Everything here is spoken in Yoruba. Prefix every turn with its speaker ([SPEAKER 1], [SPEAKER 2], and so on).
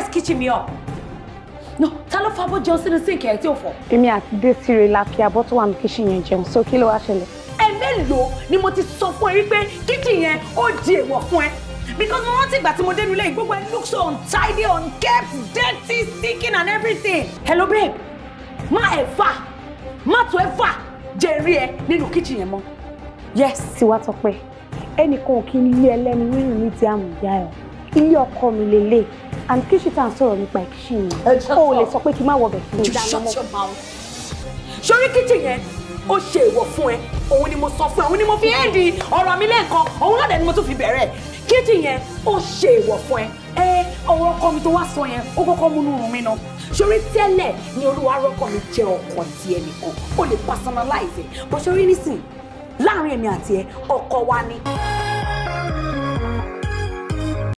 [SPEAKER 1] always kitchen me up. No, tell ló fa bó jẹun sínú sínkì ẹ̀ tí ò fọ̀.
[SPEAKER 2] Èmi àti Désiré la fi abọ́ tó wà ní kíṣìn so kill ló wá ṣẹlẹ̀?
[SPEAKER 1] Ẹ̀mélòó ni mo ti sọ fún ẹ wípé kíṣìn yẹn ó di èèwọ̀ fún Because mo rántí ìgbà tí mo dénú ilé gbogbo ẹ look so untidy, unkept, dirty, stinking and everything. Hello babe, má ẹ̀ fà, má tó ẹ̀ fà jẹ̀rí ẹ nínú kíṣìn yẹn
[SPEAKER 3] Yes. Tiwa Tọ́pẹ́, ẹnìkan ò kí ń lé ẹlẹ́ni nínú ní ti àmì Yeah ilé ọkọ mi lélẹ̀ and kí ṣe tá à ń sọ̀rọ̀ nípa ìkíṣì mi o ò lè sọ pé kí n má wọbẹ̀
[SPEAKER 1] fún mi dáná mọ́. sórí kíchìn yẹn ó ṣe ìwọ̀ fún ẹ òun ni mo sọ fún ẹ òun ni mo fi é ọ̀rọ̀ mi lẹ́ẹ̀kan òun náà dẹ̀ ni mo tún fi bẹ̀rẹ̀ kíchìn yẹn ó ṣe ìwọ̀ fún ẹ ẹ ọ̀rọ̀ ọkọ mi tó wá sọ yẹn ó kọ́kọ́ múnú rùn mí náà sori tẹ́lẹ̀ ni olúwa rọ́kọ̀ mi jẹ́ ọkàn ti ẹnìkan ó lè personalize ẹ̀ bó sori nísìn láàrin èmi àti ẹ ọkọ wa ni.